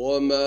وما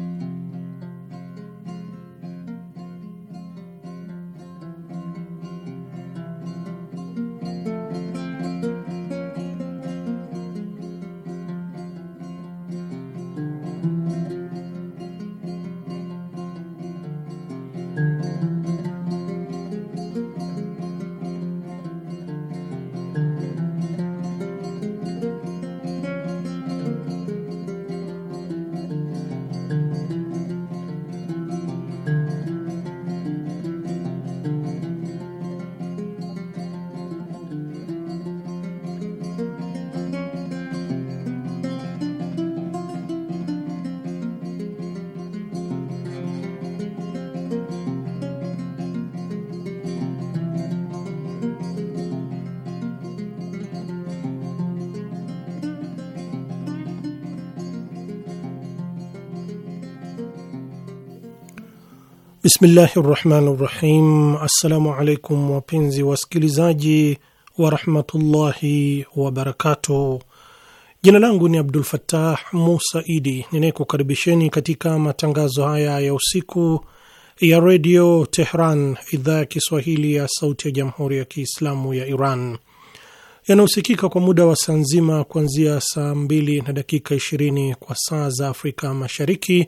Bismillahi rahmani rahim. Assalamu alaikum wapenzi wasikilizaji warahmatullahi wabarakatuh. Jina langu ni Abdul Fattah Musa Idi ninayekukaribisheni katika matangazo haya ya usiku ya redio Tehran, idhaa ya Kiswahili ya sauti ya jamhuri ya Kiislamu ya Iran, yanayosikika kwa muda wa saa nzima kuanzia saa 2 na dakika 20 kwa saa za Afrika Mashariki,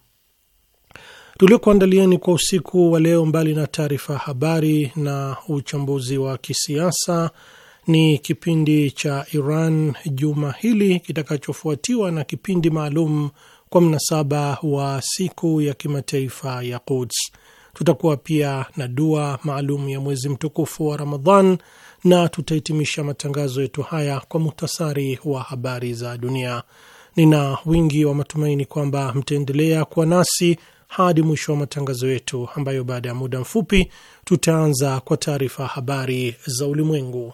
tuliokuandalieni kwa usiku wa leo, mbali na taarifa ya habari na uchambuzi wa kisiasa, ni kipindi cha Iran juma hili kitakachofuatiwa na kipindi maalum kwa mnasaba wa siku ya kimataifa ya Quds. Tutakuwa pia na dua maalum ya mwezi mtukufu wa Ramadhan na tutahitimisha matangazo yetu haya kwa muhtasari wa habari za dunia. Nina wingi wa matumaini kwamba mtaendelea kuwa nasi hadi mwisho wa matangazo yetu, ambayo baada ya muda mfupi tutaanza kwa taarifa habari za ulimwengu.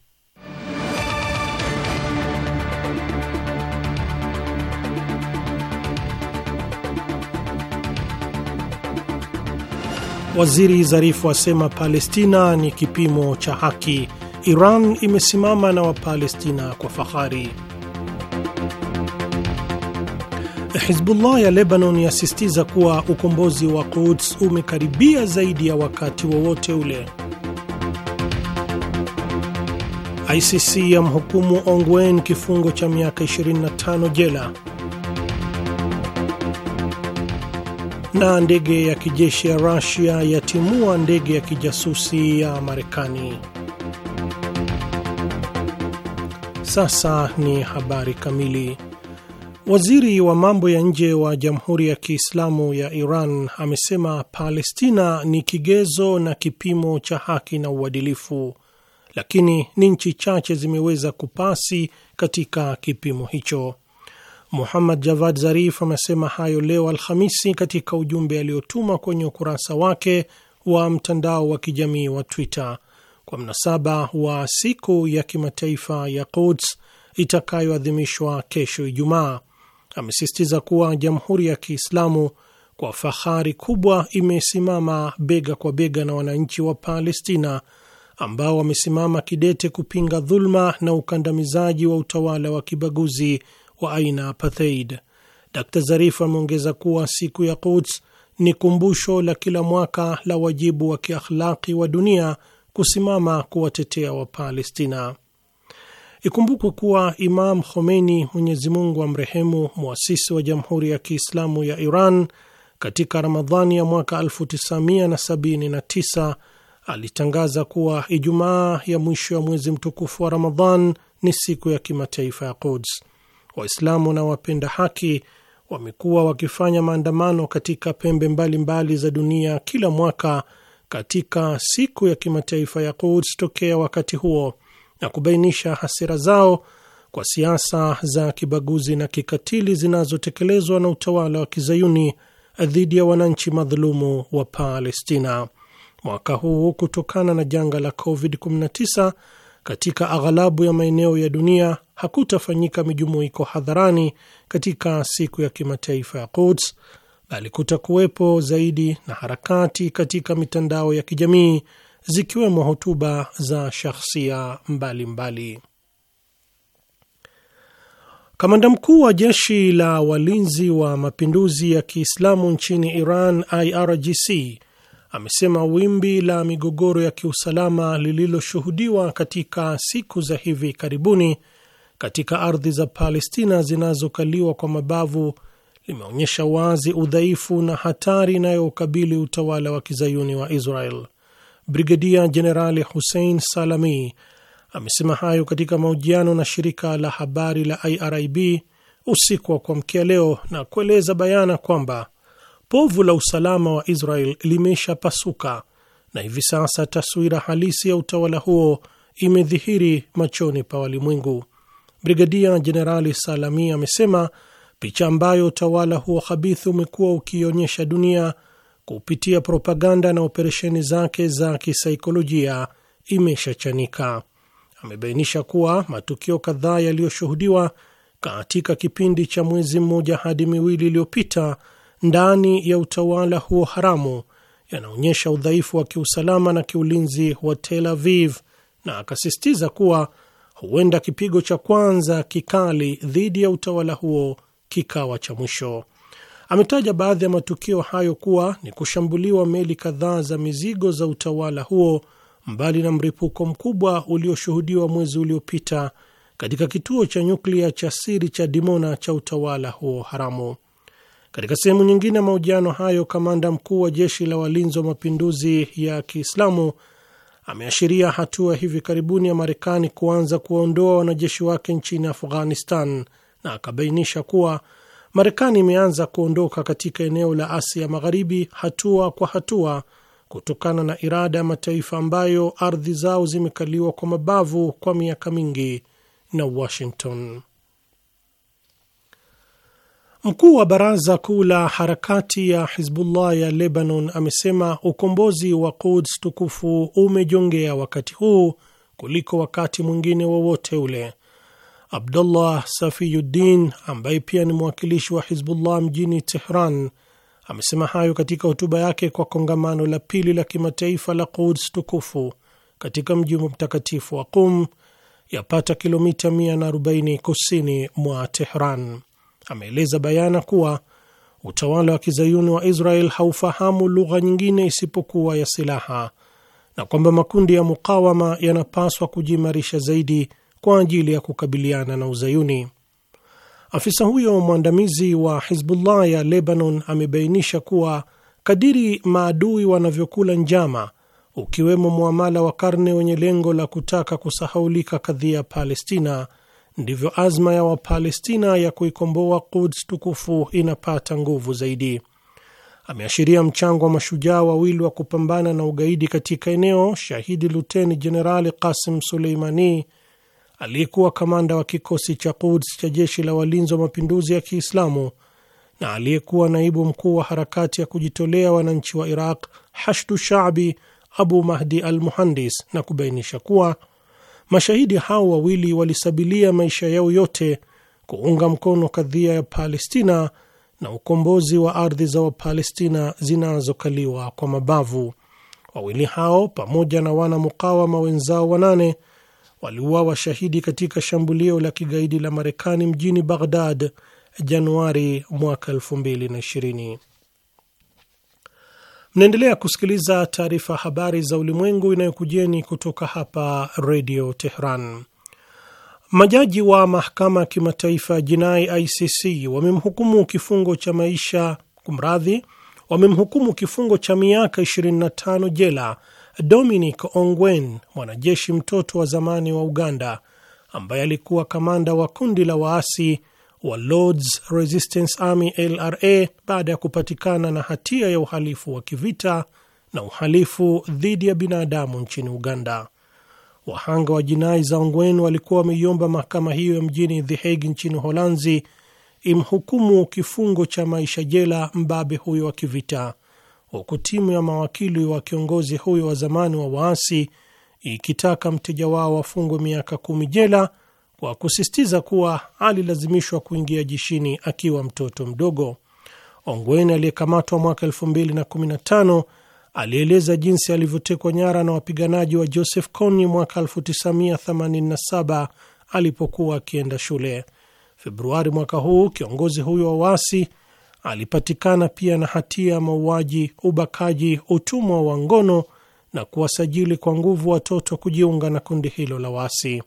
Waziri Zarifu asema Palestina ni kipimo cha haki. Iran imesimama na Wapalestina kwa fahari. Hizbullah ya Lebanon yasisitiza kuwa ukombozi wa Quds umekaribia zaidi ya wakati wowote wa ule. ICC yamhukumu Ongwen kifungo cha miaka 25 jela. na ndege ya kijeshi ya Rusia yatimua ndege ya kijasusi ya Marekani. Sasa ni habari kamili. Waziri wa mambo ya nje wa Jamhuri ya Kiislamu ya Iran amesema Palestina ni kigezo na kipimo cha haki na uadilifu, lakini ni nchi chache zimeweza kupasi katika kipimo hicho. Muhammad Javad Zarif amesema hayo leo Alhamisi katika ujumbe aliotuma kwenye ukurasa wake wa mtandao wa kijamii wa Twitter kwa mnasaba wa siku ya kimataifa ya Quds itakayoadhimishwa kesho Ijumaa. Amesisitiza kuwa Jamhuri ya Kiislamu kwa fahari kubwa imesimama bega kwa bega na wananchi wa Palestina ambao wamesimama kidete kupinga dhuluma na ukandamizaji wa utawala wa kibaguzi wa aina apartheid. Dkt Zarif ameongeza kuwa siku ya Quds ni kumbusho la kila mwaka la wajibu wa kiakhlaki wa dunia kusimama kuwatetea Wapalestina. Ikumbukwe kuwa Imam Khomeini, Mwenyezi Mungu amrehemu, mwasisi wa Jamhuri ya Kiislamu ya Iran, katika Ramadhani ya mwaka 1979 alitangaza kuwa Ijumaa ya mwisho ya mwezi mtukufu wa Ramadhan ni siku ya kimataifa ya Quds. Waislamu na wapenda haki wamekuwa wakifanya maandamano katika pembe mbalimbali mbali za dunia kila mwaka katika siku ya kimataifa ya Quds tokea wakati huo na kubainisha hasira zao kwa siasa za kibaguzi na kikatili zinazotekelezwa na utawala wa kizayuni dhidi ya wananchi madhulumu wa Palestina. Mwaka huu kutokana na janga la COVID-19 katika aghalabu ya maeneo ya dunia hakutafanyika mijumuiko hadharani katika siku ya kimataifa ya Quds, bali kutakuwepo zaidi na harakati katika mitandao ya kijamii zikiwemo hotuba za shakhsia mbalimbali. Kamanda mkuu wa jeshi la walinzi wa mapinduzi ya Kiislamu nchini Iran, IRGC, amesema wimbi la migogoro ya kiusalama lililoshuhudiwa katika siku za hivi karibuni katika ardhi za Palestina zinazokaliwa kwa mabavu limeonyesha wazi udhaifu na hatari inayoukabili utawala wa kizayuni wa Israel. Brigedia Jenerali Hussein Salami amesema hayo katika mahojiano na shirika la habari la IRIB usiku wa kuamkia leo na kueleza bayana kwamba povu la usalama wa Israel limeshapasuka na hivi sasa taswira halisi ya utawala huo imedhihiri machoni pa walimwengu. Brigadia Jenerali Salami amesema picha ambayo utawala huo habithi umekuwa ukionyesha dunia kupitia propaganda na operesheni zake za kisaikolojia imeshachanika. Amebainisha kuwa matukio kadhaa yaliyoshuhudiwa katika kipindi cha mwezi mmoja hadi miwili iliyopita ndani ya utawala huo haramu yanaonyesha udhaifu wa kiusalama na kiulinzi wa Tel Aviv, na akasisitiza kuwa huenda kipigo cha kwanza kikali dhidi ya utawala huo kikawa cha mwisho. Ametaja baadhi ya matukio hayo kuwa ni kushambuliwa meli kadhaa za mizigo za utawala huo, mbali na mlipuko mkubwa ulioshuhudiwa mwezi uliopita katika kituo cha nyuklia cha siri cha Dimona cha utawala huo haramu. Katika sehemu nyingine ya mahojiano hayo, kamanda mkuu wa jeshi la walinzi wa mapinduzi ya Kiislamu ameashiria hatua hivi karibuni ya Marekani kuanza kuwaondoa wanajeshi wake nchini Afghanistan na akabainisha kuwa Marekani imeanza kuondoka katika eneo la Asia Magharibi hatua kwa hatua kutokana na irada ya mataifa ambayo ardhi zao zimekaliwa kwa mabavu kwa miaka mingi na Washington. Mkuu wa baraza kuu la harakati ya Hizbullah ya Lebanon amesema ukombozi wa Quds tukufu umejongea wakati huu kuliko wakati mwingine wowote wa ule. Abdullah Safiyuddin ambaye pia ni mwakilishi wa Hizbullah mjini Tehran amesema hayo katika hotuba yake kwa kongamano la pili la kimataifa la Quds tukufu katika mji mtakatifu wa Qum, yapata kilomita 140 kusini mwa Tehran ameeleza bayana kuwa utawala wa kizayuni wa Israel haufahamu lugha nyingine isipokuwa ya silaha na kwamba makundi ya mukawama yanapaswa kujiimarisha zaidi kwa ajili ya kukabiliana na uzayuni. Afisa huyo mwandamizi wa Hizbullah ya Lebanon amebainisha kuwa kadiri maadui wanavyokula njama, ukiwemo mwamala wa karne wenye lengo la kutaka kusahaulika kadhia Palestina, ndivyo azma ya Wapalestina ya kuikomboa Quds tukufu inapata nguvu zaidi. Ameashiria mchango wa mashujaa wawili wa kupambana na ugaidi katika eneo, shahidi luteni jenerali Qasim Suleimani aliyekuwa kamanda wa kikosi cha Quds cha jeshi la walinzi wa mapinduzi ya Kiislamu na aliyekuwa naibu mkuu wa harakati ya kujitolea wananchi wa Iraq Hashdu Shaabi Abu Mahdi al Muhandis, na kubainisha kuwa Mashahidi hao wawili walisabilia maisha yao yote kuunga mkono kadhia ya Palestina na ukombozi wa ardhi za Wapalestina zinazokaliwa kwa mabavu. Wawili hao pamoja na wana mukawama wenzao wanane waliuawa shahidi katika shambulio la kigaidi la Marekani mjini Baghdad Januari mwaka 2020. Mnaendelea kusikiliza taarifa habari za ulimwengu inayokujeni kutoka hapa redio Tehran. Majaji wa mahakama ya kimataifa ya jinai ICC wamemhukumu kifungo cha maisha, kumradhi, wamemhukumu kifungo cha miaka 25 jela Dominic Ongwen, mwanajeshi mtoto wa zamani wa Uganda ambaye alikuwa kamanda wa kundi la waasi wa Lords Resistance Army LRA baada ya kupatikana na hatia ya uhalifu wa kivita na uhalifu dhidi ya binadamu nchini Uganda. Wahanga wa jinai za Ongwen walikuwa wameiomba mahakama hiyo ya mjini The Hague nchini Holanzi imhukumu kifungo cha maisha jela mbabe huyo wa kivita, huku timu ya mawakili wa kiongozi huyo wa zamani wa waasi ikitaka mteja wao wafungwe miaka kumi jela kwa kusisitiza kuwa alilazimishwa kuingia jeshini akiwa mtoto mdogo. Ongwen aliyekamatwa mwaka 2015 alieleza jinsi alivyotekwa nyara na wapiganaji wa Joseph Kony mwaka 1987 alipokuwa akienda shule. Februari mwaka huu kiongozi huyo wa waasi alipatikana pia na hatia ya mauaji, ubakaji, utumwa wa ngono na kuwasajili kwa nguvu watoto kujiunga na kundi hilo la waasi.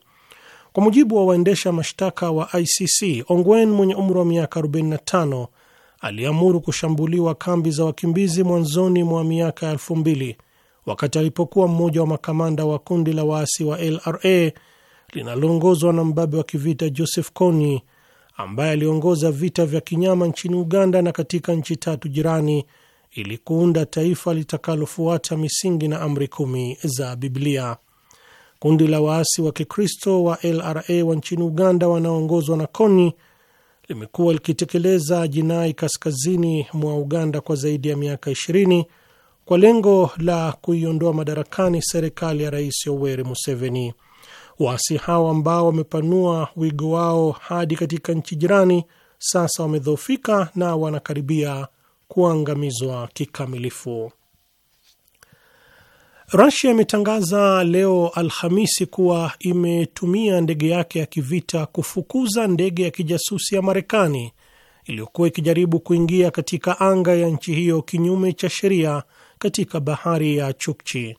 Kwa mujibu wa waendesha mashtaka wa ICC, Ongwen mwenye umri wa miaka 45 aliamuru kushambuliwa kambi za wakimbizi mwanzoni mwa miaka elfu wakati alipokuwa mmoja wa makamanda wa kundi la waasi wa LRA linaloongozwa na mbabe wa kivita Joseph Kony ambaye aliongoza vita vya kinyama nchini Uganda na katika nchi tatu jirani ili kuunda taifa litakalofuata misingi na amri kumi za Biblia. Kundi la waasi wa Kikristo wa LRA wa nchini Uganda wanaoongozwa na Koni limekuwa likitekeleza jinai kaskazini mwa Uganda kwa zaidi ya miaka 20 kwa lengo la kuiondoa madarakani serikali ya Rais Yoweri Museveni. Waasi hao ambao wamepanua wigo wao hadi katika nchi jirani sasa wamedhoofika na wanakaribia kuangamizwa kikamilifu. Rasia imetangaza leo Alhamisi kuwa imetumia ndege yake ya kivita kufukuza ndege ya kijasusi ya Marekani iliyokuwa ikijaribu kuingia katika anga ya nchi hiyo kinyume cha sheria katika bahari ya Chukchi.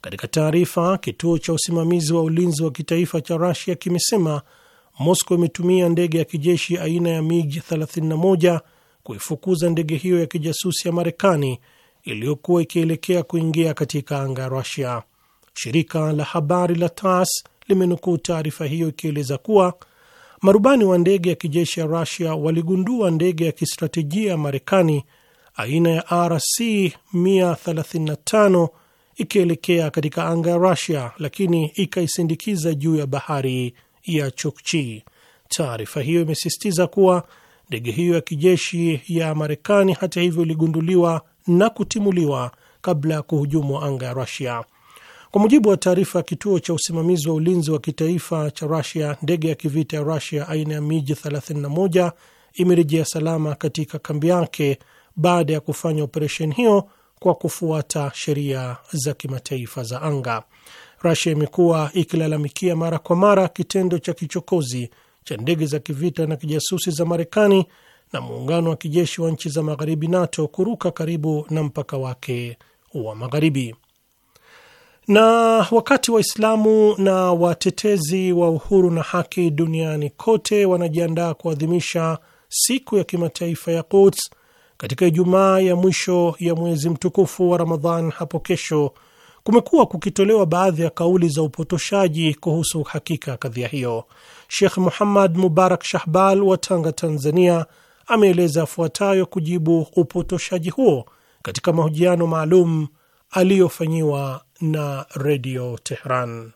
Katika taarifa, kituo cha usimamizi wa ulinzi wa kitaifa cha Rasia kimesema Moscow imetumia ndege ya kijeshi aina ya MiG 31 kuifukuza ndege hiyo ya kijasusi ya Marekani iliyokuwa ikielekea kuingia katika anga ya Rusia. Shirika la habari la TASS limenukuu taarifa hiyo ikieleza kuwa marubani wa ndege ya kijeshi ya Rusia waligundua ndege ya kistratejia ya Marekani aina ya RC 135 ikielekea katika anga ya Rusia, lakini ikaisindikiza juu ya bahari ya Chukchi. Taarifa hiyo imesisitiza kuwa ndege hiyo ya kijeshi ya Marekani hata hivyo iligunduliwa na kutimuliwa kabla ya kuhujumu anga ya Rusia. Kwa mujibu wa taarifa ya kituo cha usimamizi wa ulinzi wa kitaifa cha Rusia, ndege ya kivita ya Rusia aina ya miji 31 imerejea salama katika kambi yake baada ya kufanya operesheni hiyo kwa kufuata sheria za kimataifa za anga. Rusia imekuwa ikilalamikia mara kwa mara kitendo cha kichokozi cha ndege za kivita na kijasusi za Marekani na muungano wa kijeshi wa nchi za magharibi NATO kuruka karibu na mpaka wake wa magharibi. Na wakati Waislamu na watetezi wa uhuru na haki duniani kote wanajiandaa kuadhimisha siku ya kimataifa ya Quds katika Ijumaa ya mwisho ya mwezi mtukufu wa Ramadhan hapo kesho, kumekuwa kukitolewa baadhi ya kauli za upotoshaji kuhusu hakika kadhia hiyo. shekh Muhammad Mubarak Shahbal wa Tanga, Tanzania ameeleza afuatayo kujibu upotoshaji huo katika mahojiano maalum aliyofanyiwa na redio Tehran.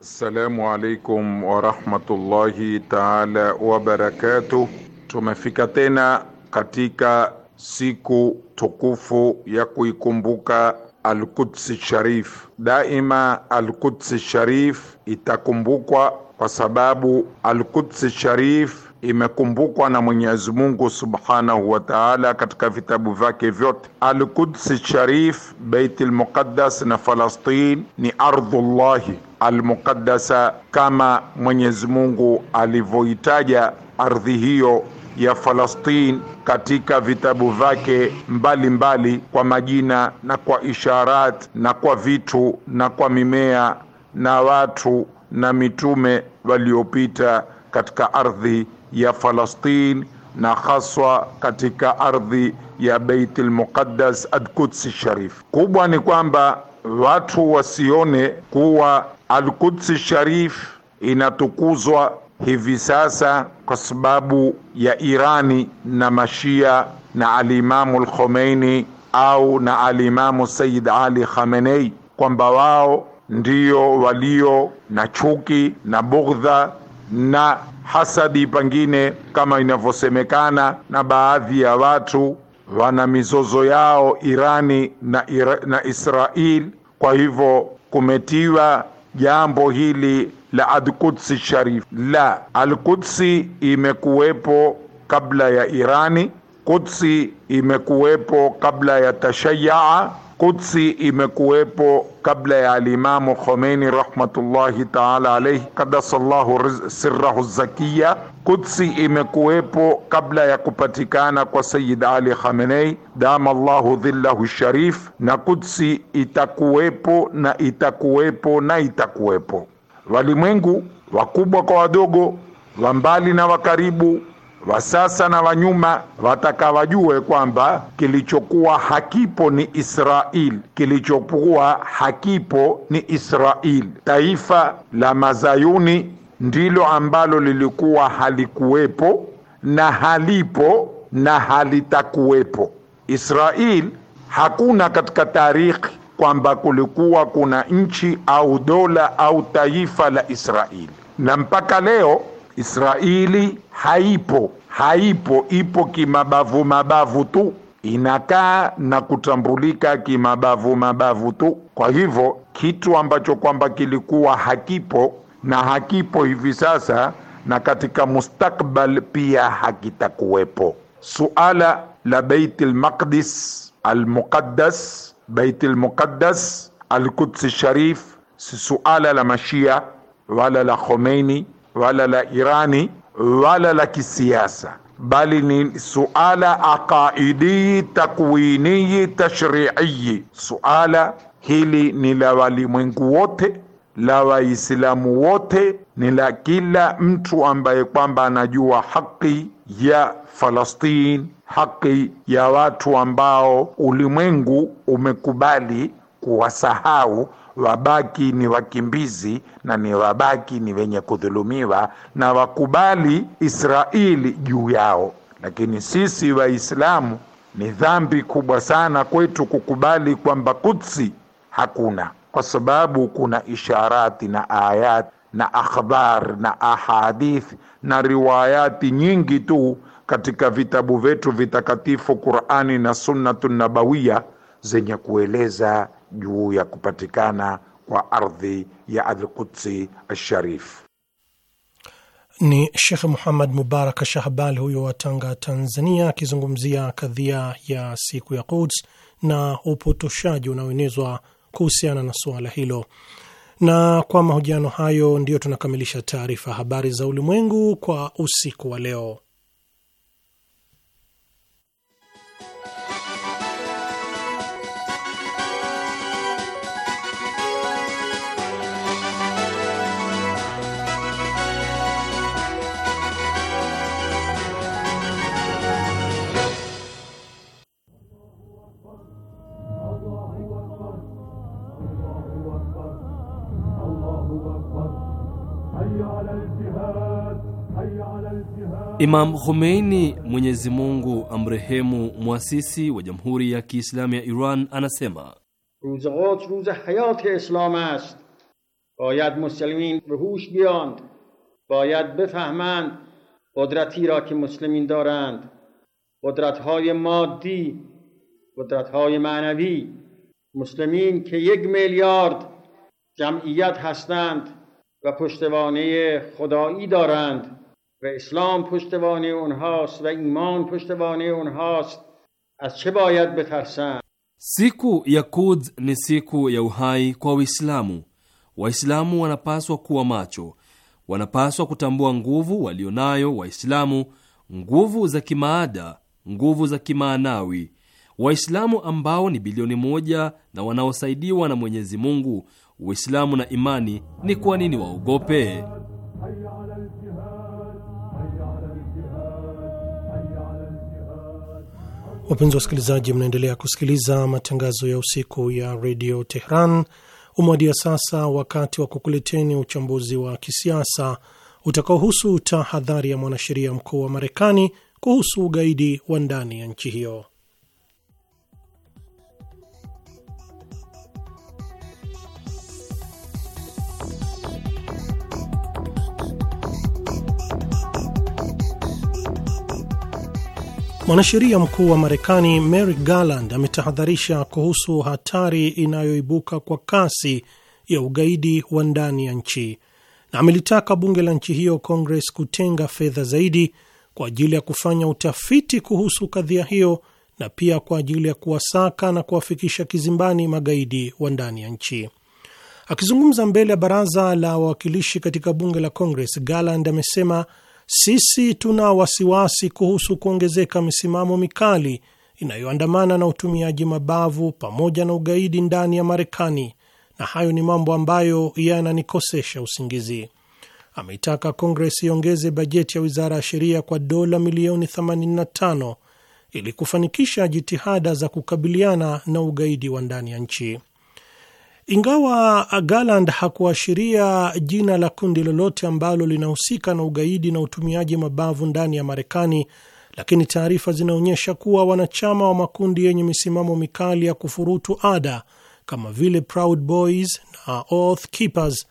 Assalamu alaikum warahmatullahi taala wabarakatuh. Tumefika tena katika siku tukufu ya kuikumbuka Alkudsi Sharif. Daima Alkudsi Sharif itakumbukwa kwa sababu Alkudsi Sharif imekumbukwa na Mwenyezi Mungu subhanahu wa taala katika vitabu vyake vyote. Al-Quds Sharif, Beiti Lmuqaddas na Falastin ni ardhullahi almuqaddasa, kama Mwenyezi Mungu alivyoitaja ardhi hiyo ya Falastin katika vitabu vyake mbalimbali kwa majina na kwa isharat na kwa vitu na kwa mimea na watu na mitume waliopita katika ardhi ya Falastin na haswa katika ardhi ya Muqaddas lmuqaddas quds Sharif. Kubwa ni kwamba watu wasione kuwa al Al-Quds Sharif inatukuzwa hivi sasa kwa sababu ya Irani na Mashia na Alimamu Lkhomeini au na Alimamu Sayyid Ali Khamenei, kwamba wao ndio walio na chuki na bughdha na hasadi pangine, kama inavyosemekana na baadhi ya watu wana mizozo yao Irani na, Ira, na Israel. Kwa hivyo kumetiwa jambo hili la Alqudsi Sharif. La, Alqudsi imekuwepo kabla ya Irani, Kudsi imekuwepo kabla ya Tashayaa Kudsi imekuwepo kabla ya alimamu Khomeini rahmatullahi taala alaihi kadasallahu sirrahu zakiya. Kudsi imekuwepo kabla ya kupatikana kwa Sayyid Ali Khamenei dama Allahu dhillahu sharif, na Kudsi itakuwepo na itakuwepo na itakuwepo. Walimwengu wakubwa kwa wadogo, wa mbali na wakaribu wa sasa na wa nyuma wataka wajue kwamba kilichokuwa hakipo ni Israel, kilichokuwa hakipo ni Israel. Taifa la Mazayuni ndilo ambalo lilikuwa halikuwepo na halipo na halitakuwepo. Israel hakuna katika tarikhi kwamba kulikuwa kuna nchi au dola au taifa la Israeli, na mpaka leo Israeli haipo, haipo, ipo kimabavu mabavu tu, inakaa na kutambulika kimabavu mabavu tu. Kwa hivyo kitu ambacho kwamba kilikuwa hakipo na hakipo hivi sasa na katika mustakbal pia hakitakuwepo. Suala la Beit al-Maqdis Beit muqaddas sharif si suala la Mashia wala la Khomeini wala la Irani wala la kisiasa, bali ni suala aqaidi takwini tashrii. Suala hili ni la walimwengu wote, la Waislamu wote, ni la kila mtu ambaye kwamba anajua haki ya Falastini, haki ya watu ambao ulimwengu umekubali kuwasahau wabaki ni wakimbizi na ni wabaki ni wenye kudhulumiwa, na wakubali Israeli juu yao. Lakini sisi Waislamu ni dhambi kubwa sana kwetu kukubali kwamba kutsi hakuna, kwa sababu kuna isharati na ayat na akhbar na ahadith na riwayati nyingi tu katika vitabu vyetu vitakatifu Qurani na Sunnatu Nabawiya zenye kueleza juu ya kupatikana kwa ardhi ya Alqudsi Alsharif. Ni Shekh Muhammad Mubarak Shahbal huyo wa Tanga, Tanzania, akizungumzia kadhia ya siku ya Quds na upotoshaji unaoenezwa kuhusiana na suala hilo. Na kwa mahojiano hayo, ndiyo tunakamilisha taarifa habari za ulimwengu kwa usiku wa leo. امام خمینی، Mwenyezi و موسیسی، و جمهوری و جمهوری Kiislamu ایران Iran روز روز حیات اسلام است باید مسلمین به بیاند باید بفهمند قدرتی را که مسلمین دارند قدرت های مادی قدرت های معنوی مسلمین که یک میلیارد جمعیت هستند و پشتوانه خدایی دارند و اسلام پشتوانه اونهاست و ایمان پشتوانه اونهاست از چه باید بترسند Siku ya Quds ni siku ya uhai kwa Uislamu. Waislamu wanapaswa kuwa macho, wanapaswa kutambua nguvu walionayo Waislamu, nguvu za kimaada, nguvu za kimaanawi. Waislamu ambao ni bilioni moja na wanaosaidiwa na Mwenyezi Mungu, Uislamu na imani, ni kwa nini waogope? Wapenzi wa wasikilizaji, mnaendelea kusikiliza matangazo ya usiku ya redio Tehran. Umewadia sasa wakati wa kukuleteni uchambuzi wa kisiasa utakaohusu tahadhari ya mwanasheria mkuu wa Marekani kuhusu ugaidi wa ndani ya nchi hiyo. Mwanasheria mkuu wa Marekani Merrick Garland ametahadharisha kuhusu hatari inayoibuka kwa kasi ya ugaidi wa ndani ya nchi na amelitaka bunge la nchi hiyo Congress kutenga fedha zaidi kwa ajili ya kufanya utafiti kuhusu kadhia hiyo na pia kwa ajili ya kuwasaka na kuwafikisha kizimbani magaidi wa ndani ya nchi. Akizungumza mbele ya baraza la wawakilishi katika bunge la Congress, Garland amesema sisi tuna wasiwasi kuhusu kuongezeka misimamo mikali inayoandamana na utumiaji mabavu pamoja na ugaidi ndani ya Marekani, na hayo ni mambo ambayo yananikosesha usingizi. Ameitaka Kongres iongeze bajeti ya wizara ya sheria kwa dola milioni 85 ili kufanikisha jitihada za kukabiliana na ugaidi wa ndani ya nchi. Ingawa Garland hakuashiria jina la kundi lolote ambalo linahusika na ugaidi na utumiaji mabavu ndani ya Marekani, lakini taarifa zinaonyesha kuwa wanachama wa makundi yenye misimamo mikali ya kufurutu ada kama vile Proud Boys na Oath Keepers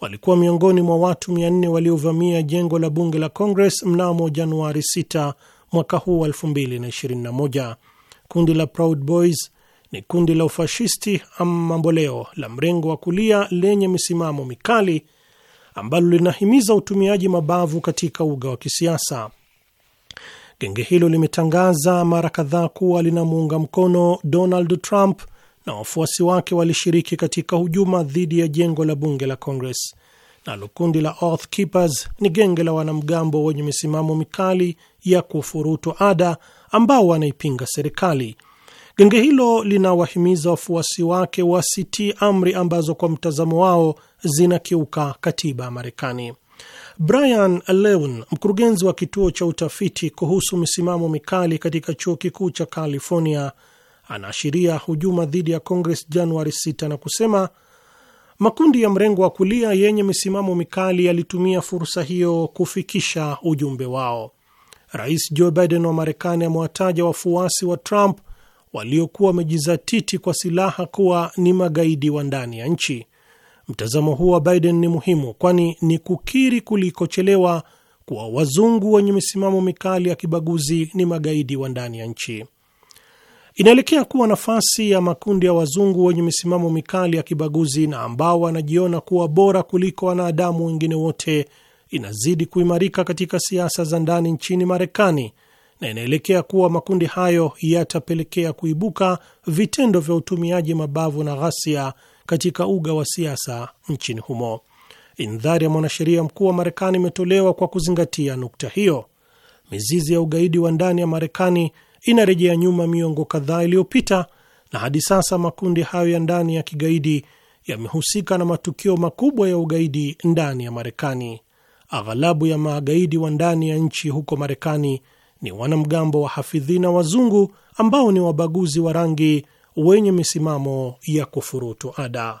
walikuwa miongoni mwa watu 400 waliovamia jengo la bunge la Congress mnamo Januari 6 mwaka huu 2021. Kundi la Proud Boys ni kundi la ufashisti ama mamboleo la mrengo wa kulia lenye misimamo mikali ambalo linahimiza utumiaji mabavu katika uga wa kisiasa. Genge hilo limetangaza mara kadhaa kuwa linamuunga mkono Donald Trump na wafuasi wake walishiriki katika hujuma dhidi ya jengo la bunge la Congress. Nalo kundi la Oath Keepers ni genge la wanamgambo wenye misimamo mikali ya kufurutu ada ambao wanaipinga serikali. Genge hilo linawahimiza wafuasi wake wasitii amri ambazo kwa mtazamo wao zinakiuka katiba ya Marekani. Brian Lewin, mkurugenzi wa kituo cha utafiti kuhusu misimamo mikali katika chuo kikuu cha California, anaashiria hujuma dhidi ya Congress Januari 6 na kusema makundi ya mrengo wa kulia yenye misimamo mikali yalitumia fursa hiyo kufikisha ujumbe wao. Rais Joe Biden wa Marekani amewataja wafuasi wa Trump waliokuwa wamejizatiti kwa silaha kuwa ni magaidi wa ndani ya nchi. Mtazamo huu wa Biden ni muhimu, kwani ni kukiri kulikochelewa kuwa wazungu wenye misimamo mikali ya kibaguzi ni magaidi wa ndani ya nchi. Inaelekea kuwa nafasi ya makundi ya wazungu wenye misimamo mikali ya kibaguzi na ambao wanajiona kuwa bora kuliko wanadamu wengine wote inazidi kuimarika katika siasa za ndani nchini Marekani na inaelekea kuwa makundi hayo yatapelekea kuibuka vitendo vya utumiaji mabavu na ghasia katika uga wa siasa nchini humo. Indhari ya mwanasheria mkuu wa Marekani imetolewa kwa kuzingatia nukta hiyo. Mizizi ya ugaidi wa ndani ya Marekani inarejea nyuma miongo kadhaa iliyopita, na hadi sasa makundi hayo ya ndani ya kigaidi yamehusika na matukio makubwa ya ugaidi ndani ya Marekani. Aghalabu ya magaidi wa ndani ya nchi huko Marekani ni wanamgambo wa hafidhina wazungu ambao ni wabaguzi wa rangi wenye misimamo ya kufurutu ada.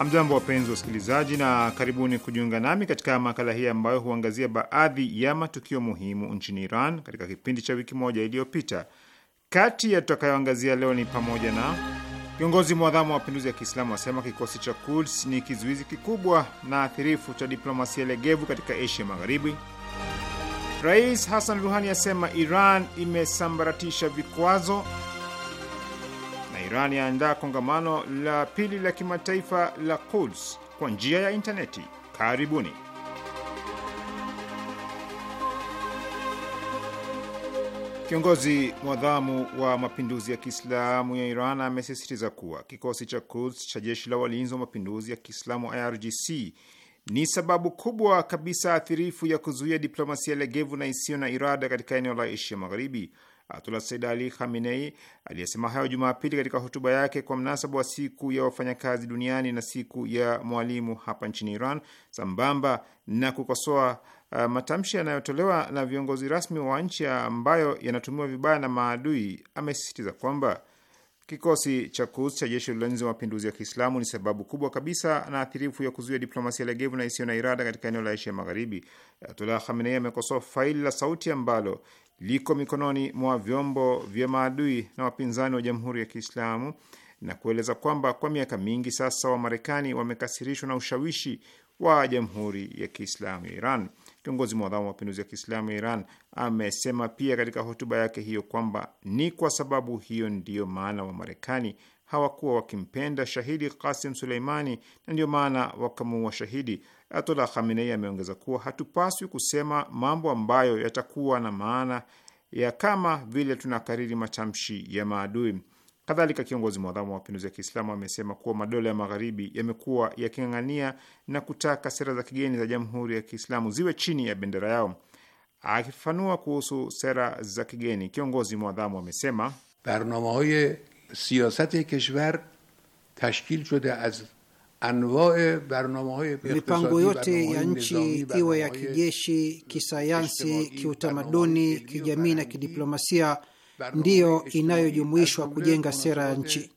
Hamjambo, wapenzi wasikilizaji, na karibuni kujiunga nami katika makala hii ambayo huangazia baadhi ya matukio muhimu nchini Iran katika kipindi cha wiki moja iliyopita. Kati ya tutakayoangazia leo ni pamoja na kiongozi mwadhamu wa mapinduzi ya Kiislamu asema kikosi cha Quds ni kizuizi kikubwa na athirifu cha diplomasia legevu katika Asia Magharibi. Rais Hassan Ruhani asema Iran imesambaratisha vikwazo na Iran yaandaa kongamano la pili la kimataifa la Quds kwa njia ya intaneti. Karibuni. Kiongozi mwadhamu wa mapinduzi ya Kiislamu ya Iran amesisitiza kuwa kikosi cha Quds cha jeshi la walinzi wa mapinduzi ya Kiislamu IRGC ni sababu kubwa kabisa athirifu ya kuzuia diplomasia legevu na isiyo na irada katika eneo la Asia Magharibi. Ayatullah Said Ali Khamenei aliyesema hayo Jumapili katika hotuba yake kwa mnasaba wa siku ya wafanyakazi duniani na siku ya mwalimu hapa nchini Iran, sambamba na kukosoa uh, matamshi yanayotolewa na viongozi rasmi wa nchi ambayo yanatumiwa vibaya na maadui, amesisitiza kwamba kikosi cha Quds cha jeshi la ulinzi wa mapinduzi ya Kiislamu ni sababu kubwa kabisa na athirifu ya kuzuia diplomasia legevu na isiyo na irada katika eneo la Asia Magharibi. Ayatullah Khamenei amekosoa faili la sauti ambalo liko mikononi mwa vyombo vya maadui na wapinzani wa Jamhuri ya Kiislamu na kueleza kwamba kwa miaka mingi sasa Wamarekani wamekasirishwa na ushawishi wa Jamhuri ya Kiislamu ya Iran. Kiongozi mwadhamu wa mapinduzi ya Kiislamu ya Iran amesema pia katika hotuba yake hiyo kwamba ni kwa sababu hiyo ndiyo maana Wamarekani hawakuwa wakimpenda shahidi Kasim Suleimani na ndiyo maana wakamuua shahidi Ayatollah Khamenei ameongeza kuwa hatupaswi kusema mambo ambayo yatakuwa na maana ya kama vile tunakariri matamshi ya maadui. Kadhalika, kiongozi mwadhamu wa mapinduzi ya Kiislamu amesema kuwa madola ya magharibi yamekuwa yaking'ang'ania na kutaka sera za kigeni za Jamhuri ya Kiislamu ziwe chini ya bendera yao. Akifafanua kuhusu sera za kigeni, kiongozi mwadhamu amesema barnamahoye siyasat keshwar tashkil shode az mipango yote ya nchi iwe ya kijeshi, kisayansi, kiutamaduni, kijamii na kidiplomasia ndiyo inayojumuishwa kujenga sera ya nchi.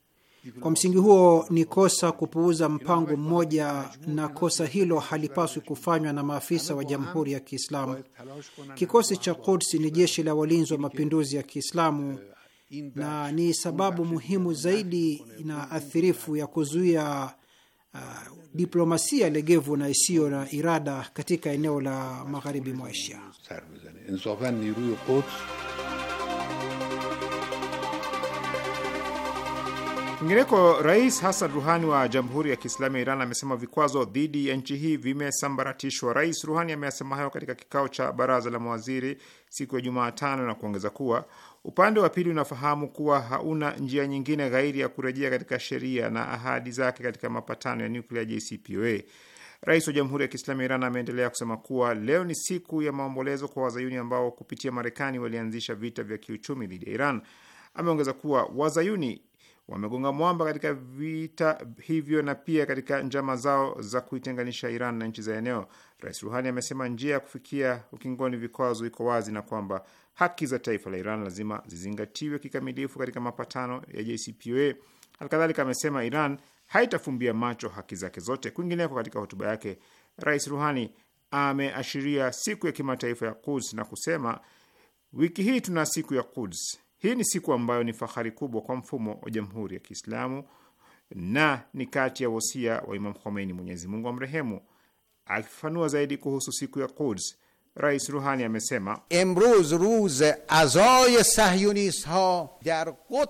Kwa msingi huo, ni kosa kupuuza mpango mmoja, na kosa hilo halipaswi kufanywa na maafisa wa Jamhuri ya Kiislamu. Kikosi cha Quds ni jeshi la walinzi wa mapinduzi ya Kiislamu eh, na ni sababu muhimu zaidi na athirifu ya kuzuia uh, diplomasia legevu na isiyo na irada katika eneo la magharibi mwa Asia. Kwingineko, Rais Hassan Ruhani wa Jamhuri ya Kiislamu ya Iran amesema vikwazo dhidi ya nchi hii vimesambaratishwa. Rais Ruhani ameyasema hayo katika kikao cha baraza la mawaziri siku ya Jumatano na kuongeza kuwa upande wa pili unafahamu kuwa hauna njia nyingine ghairi ya kurejea katika sheria na ahadi zake katika mapatano ya nuklia JCPOA. Rais wa Jamhuri ya Kiislamu ya Iran ameendelea kusema kuwa leo ni siku ya maombolezo kwa wazayuni ambao kupitia Marekani walianzisha vita vya kiuchumi dhidi ya Iran. Ameongeza kuwa wazayuni wamegonga mwamba katika vita hivyo na pia katika njama zao za kuitenganisha Iran na nchi za eneo. Rais Ruhani amesema njia ya kufikia ukingoni vikwazo iko wazi na kwamba haki za taifa la Iran lazima zizingatiwe kikamilifu katika mapatano ya JCPOA. Halikadhalika amesema Iran haitafumbia macho haki zake zote. Kwingineko, katika hotuba yake, Rais Ruhani ameashiria siku ya kimataifa ya Quds na kusema, wiki hii tuna siku ya Quds hii ni siku ambayo ni fahari kubwa kwa mfumo wa Jamhuri ya Kiislamu na ni kati ya wosia wa Imam Khomeini, Mwenyezi Mungu amrehemu. Akifafanua zaidi kuhusu siku ya Quds, Rais Ruhani amesema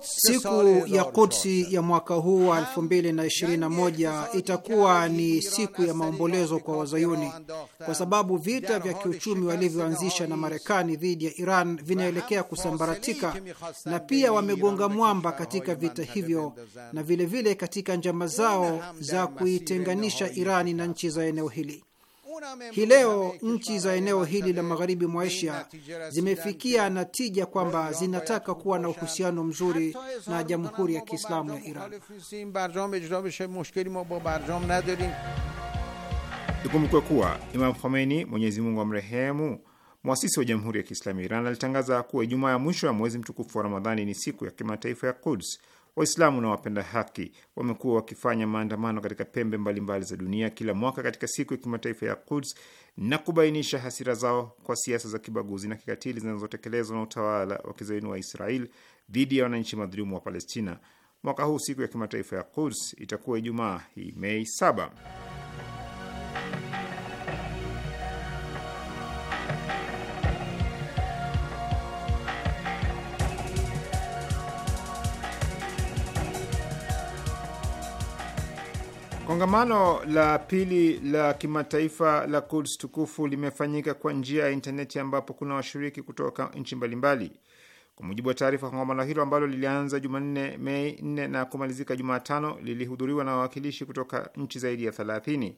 siku ya Kudsi ya mwaka huu wa 2021 itakuwa ni siku ya maombolezo kwa Wazayuni kwa sababu vita vya kiuchumi walivyoanzisha na Marekani dhidi ya Iran vinaelekea kusambaratika, na pia wamegonga mwamba katika vita hivyo na vilevile vile katika njama zao za kuitenganisha Irani na nchi za eneo hili. Hii leo nchi za eneo hili la magharibi mwa Asia zimefikia natija kwamba zinataka kuwa na uhusiano mzuri na Jamhuri ya Kiislamu ya Iran. Ikumbukwe kuwa Imam Khomeini, Mwenyezi Mungu amrehemu, mwasisi wa Jamhuri ya Kiislamu ya Iran, alitangaza kuwa Ijumaa ya mwisho ya mwezi mtukufu wa Ramadhani ni siku ya kimataifa ya Quds. Waislamu na wapenda haki wamekuwa wakifanya maandamano katika pembe mbalimbali mbali za dunia kila mwaka katika siku ya kimataifa ya Quds na kubainisha hasira zao kwa siasa za kibaguzi na kikatili zinazotekelezwa na utawala wa kizaini wa Israel dhidi ya wananchi madhulumu wa Palestina. Mwaka huu siku ya kimataifa ya Quds itakuwa Ijumaa hii Mei saba. Kongamano la pili la kimataifa la Quds tukufu limefanyika kwa njia ya intaneti ambapo kuna washiriki kutoka nchi mbalimbali. Kwa mujibu wa taarifa, kongamano hilo ambalo lilianza Jumanne Mei 4 na kumalizika Jumatano lilihudhuriwa na wawakilishi kutoka nchi zaidi ya 30.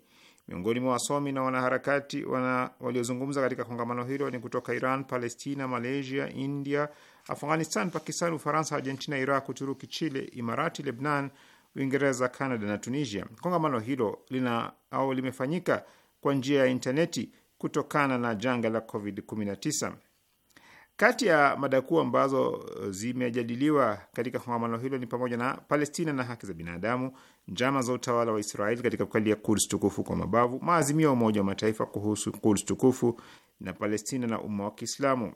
Miongoni mwa wasomi na wanaharakati wana, waliozungumza katika kongamano hilo ni kutoka Iran, Palestina, Malaysia, India, Afghanistan, Pakistan, Ufaransa, Argentina, Iraq, Uturuki, Chile, Imarati, Lebnan Uingereza, Canada na Tunisia. Kongamano hilo lina au limefanyika kwa njia ya intaneti kutokana na janga la COVID-19. Kati ya mada kuu ambazo uh, zimejadiliwa katika kongamano hilo ni pamoja na Palestina na haki za binadamu, njama za utawala wa Israeli katika kukalia Kuds tukufu kwa mabavu, maazimio ya Umoja wa Mataifa kuhusu Kuds tukufu na Palestina na umma wa Kiislamu.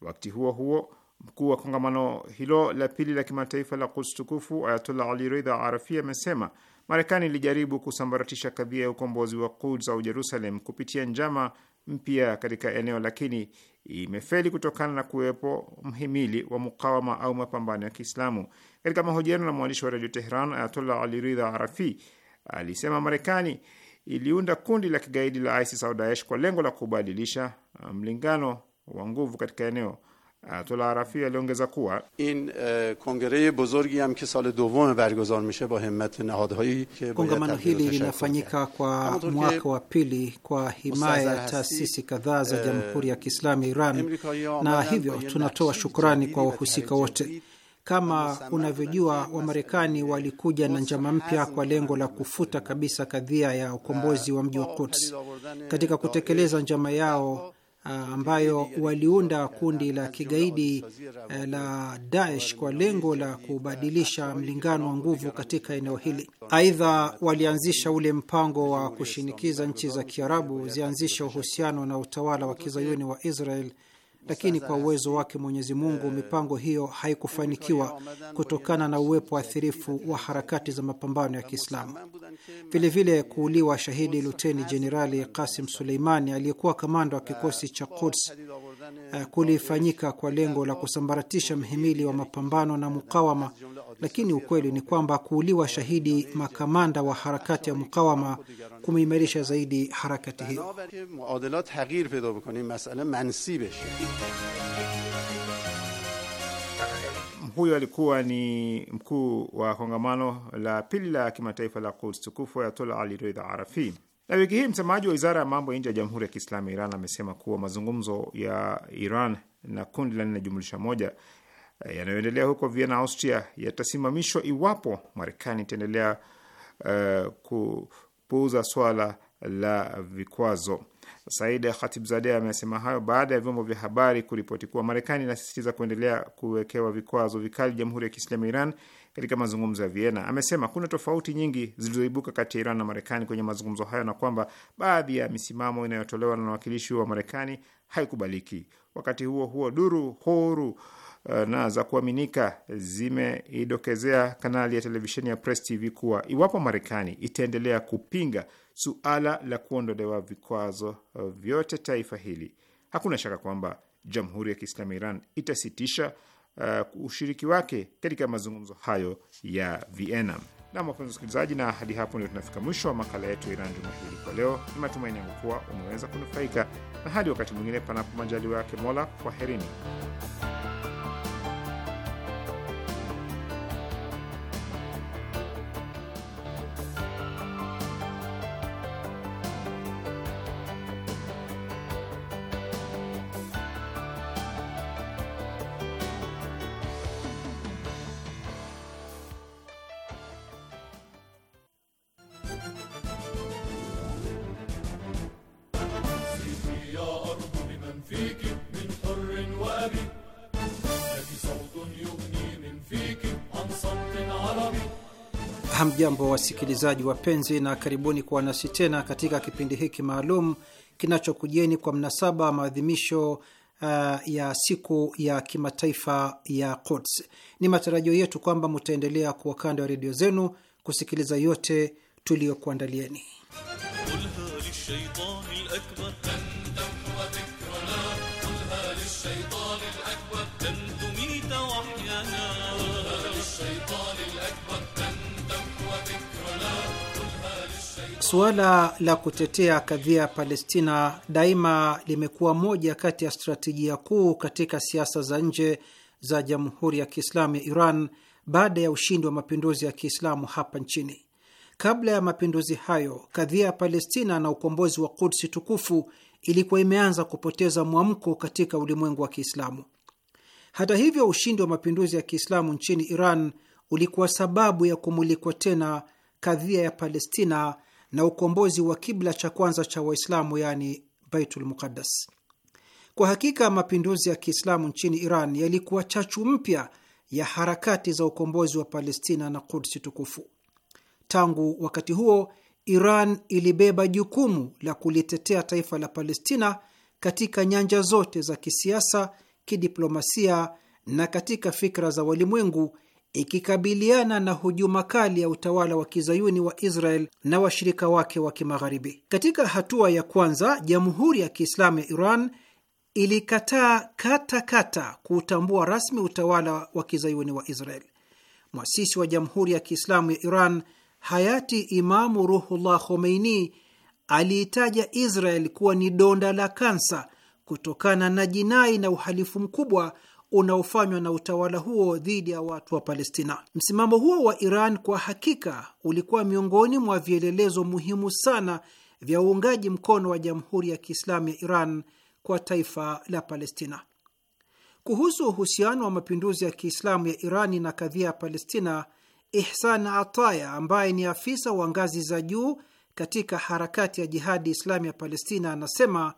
Wakati huo huo, Mkuu wa kongamano hilo la pili la kimataifa la Quds tukufu Ayatollah Ali Ridha Arafi amesema Marekani ilijaribu kusambaratisha kadhia ya ukombozi wa Quds au Jerusalem kupitia njama mpya katika eneo, lakini imefeli kutokana na kuwepo mhimili wa mukawama au mapambano ya Kiislamu. Katika mahojiano na mwandishi wa redio Tehran, Ayatollah Ali Ridha Arafi alisema Marekani iliunda kundi la kigaidi la ISIS au Daesh kwa lengo la kubadilisha mlingano wa nguvu katika eneo. Ayatollah Arafi aliongeza kuwa in uh, kongere bozorgi ham ke sal dovom bargazar mishe ba himmat nahadhai ke kongamano hili linafanyika kwa mwaka wa pili kwa himaya ya taasisi kadhaa za uh, Jamhuri ya Kiislamu ya Iran, na hivyo tunatoa shukrani kwa wahusika wote. Kama unavyojua, Wamarekani walikuja na njama mpya kwa lengo la kufuta kabisa kadhia ya uh, ukombozi wa mji wa Quds. Katika kutekeleza njama yao Uh, ambayo waliunda kundi la kigaidi uh, la Daesh kwa lengo la kubadilisha mlingano wa nguvu katika eneo hili. Aidha, walianzisha ule mpango wa kushinikiza nchi za Kiarabu zianzishe uhusiano na utawala wa kizayuni wa Israel lakini kwa uwezo wake Mwenyezi Mungu mipango hiyo haikufanikiwa kutokana na uwepo athirifu wa harakati za mapambano ya Kiislamu. Vilevile kuuliwa shahidi luteni jenerali Kasim Suleimani aliyekuwa kamanda wa kikosi cha Quds eh, kulifanyika kwa lengo la kusambaratisha mhimili wa mapambano na mukawama, lakini ukweli ni kwamba kuuliwa shahidi makamanda wa harakati ya mukawama kumeimarisha zaidi harakati hiyo. Huyo alikuwa ni mkuu wa kongamano la pili la kimataifa la Quds tukufu, Ayatollah Ali Ridha Arafi. Na wiki hii msemaji wa wizara ya mambo ya nje ya Jamhuri ya Kiislamu ya Iran amesema kuwa mazungumzo ya Iran na kundi la nne jumlisha moja eh, yanayoendelea huko Vienna, Austria yatasimamishwa iwapo Marekani itaendelea uh, ku kupuuza swala la vikwazo. Said Khatibzadeh amesema hayo baada ya vyombo vya habari kuripoti kuwa Marekani inasisitiza kuendelea kuwekewa vikwazo vikali Jamhuri ya Kiislamu ya Iran katika mazungumzo ya Vienna. Amesema kuna tofauti nyingi zilizoibuka kati ya Iran na Marekani kwenye mazungumzo hayo na kwamba baadhi ya misimamo inayotolewa na wawakilishi wa Marekani haikubaliki. Wakati huo huo, duru huru Eh, na za kuaminika zimeidokezea kanali ya televisheni ya Press TV kuwa iwapo Marekani itaendelea kupinga suala la kuondolewa vikwazo eh, vyote taifa hili, hakuna shaka kwamba Jamhuri ya Kiislamu Iran itasitisha uh, ushiriki wake katika mazungumzo hayo ya Vienna. Na wapenzi wasikilizaji, na hadi hapo ndio tunafika mwisho wa makala yetu ya Iran juma hili kwa leo. Ni matumaini yangu kuwa umeweza kunufaika, na hadi wakati mwingine, panapo majaliwa yake Mola, kwaherini. Hamjambo wasikilizaji wapenzi, na karibuni kuwa nasi tena katika kipindi hiki maalum kinachokujieni kwa mnasaba maadhimisho uh, ya siku ya kimataifa ya Quds. Ni matarajio yetu kwamba mutaendelea kuwa kando ya redio zenu kusikiliza yote tuliyokuandalieni. Suala la kutetea kadhia ya Palestina daima limekuwa moja kati ya stratejia kuu katika siasa za nje za Jamhuri ya Kiislamu ya Iran baada ya ushindi wa mapinduzi ya Kiislamu hapa nchini. Kabla ya mapinduzi hayo, kadhia ya Palestina na ukombozi wa Kudsi tukufu ilikuwa imeanza kupoteza mwamko katika ulimwengu wa Kiislamu. Hata hivyo, ushindi wa mapinduzi ya Kiislamu nchini Iran ulikuwa sababu ya kumulikwa tena kadhia ya Palestina na ukombozi wa kibla cha kwanza cha Waislamu, yaani Baitul Muqaddas. Kwa hakika mapinduzi ya Kiislamu nchini Iran yalikuwa chachu mpya ya harakati za ukombozi wa Palestina na Kudsi tukufu. Tangu wakati huo, Iran ilibeba jukumu la kulitetea taifa la Palestina katika nyanja zote za kisiasa, kidiplomasia na katika fikra za walimwengu ikikabiliana na hujuma kali ya utawala wa kizayuni wa Israel na washirika wake wa kimagharibi. Katika hatua ya kwanza, Jamhuri ya Kiislamu ya Iran ilikataa katakata kuutambua rasmi utawala wa kizayuni wa Israel. Mwasisi wa Jamhuri ya Kiislamu ya Iran hayati Imamu Ruhullah Khomeini aliitaja Israel kuwa ni donda la kansa kutokana na jinai na uhalifu mkubwa unaofanywa na utawala huo dhidi ya watu wa Palestina. Msimamo huo wa Iran kwa hakika ulikuwa miongoni mwa vielelezo muhimu sana vya uungaji mkono wa Jamhuri ya Kiislamu ya Iran kwa taifa la Palestina. Kuhusu uhusiano wa mapinduzi ya Kiislamu ya Irani na kadhia ya Palestina, Ihsan Ataya ambaye ni afisa wa ngazi za juu katika harakati ya Jihadi Islamu ya Palestina anasema